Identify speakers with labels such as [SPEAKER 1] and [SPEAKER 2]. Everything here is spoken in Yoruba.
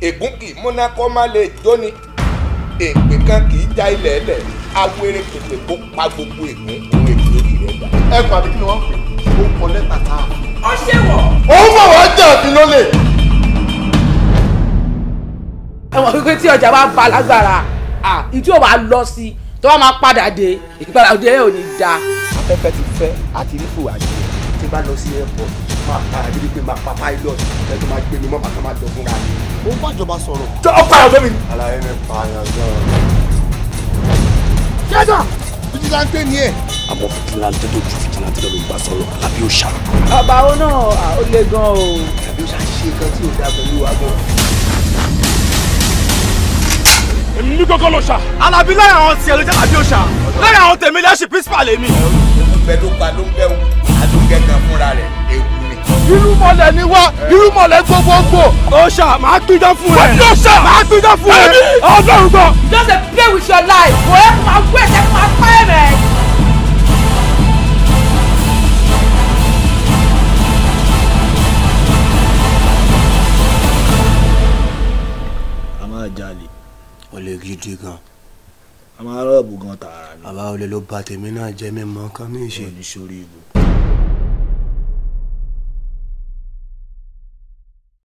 [SPEAKER 1] ègún kì í múná kó má lè jóni èpè kan kì í já ilẹ̀ ẹlẹ̀ awere pèpè kó pa gbogbo ègún òun èpè orí rẹ̀ dà. ẹ gbà mí kí ni wọ́n pè ó kọ lẹ́tà tá a. ó ṣe wọ̀. òun mọ̀ wá jà bí lólè. ẹ mọ̀ pé tí ọjà bá ba lágbára ìtú ò bá lọ sí i tó bá máa padà dé ìpàdé ẹ ò ní da. afẹ́fẹ́ ti fẹ́ àti rí fò àjẹ́ tí bá lọ sí airport máa para débi pé máa pa pilot ẹ̀ tó máa gbé mi mọ́ bàtà máa jọ fúnra mi ó bá ìjọba sọ̀rọ̀. jọ ọ pààyàn fẹ́mi. àlàyé mi pààyàn sọ̀rọ̀. ṣẹ́jà fìdílàntẹ́ ni ẹ̀. àmọ́ fìdílàntẹ́ tó ju fìdílàntẹ́ lọ ló gbà sọ̀rọ̀ àlàbí òòṣà. bàbá o náà ó le gan o. àbí òòṣà ṣe kan tí ò dáa pẹ̀lú wa gan. èmi ní kókó ló ṣà. alábí láyà àwọn tiẹ̀ ló jẹ́ àbí òòṣà láyà àwọn tèmi lẹ́sìn pírísípà lèmi. ẹ̀rù irúmọlẹ̀ ni wá irúmọlẹ̀ gbogbogbò. ó ṣá máa pidán fún ẹ. wọ́n yóò ṣá máa pidán fún ẹ. ọlọ́run gbọ́. just dey play with your life. kò ẹ́ máa wẹ̀ ẹ́ máa pa ẹ̀ rẹ̀. a máa jalè olè gidi gan a máa rọ̀bù gan tààrà ni. àbá olè ló bà tèmi náà jẹ́ mi mọ́ kán ní ìṣe. oníṣòrí ibù.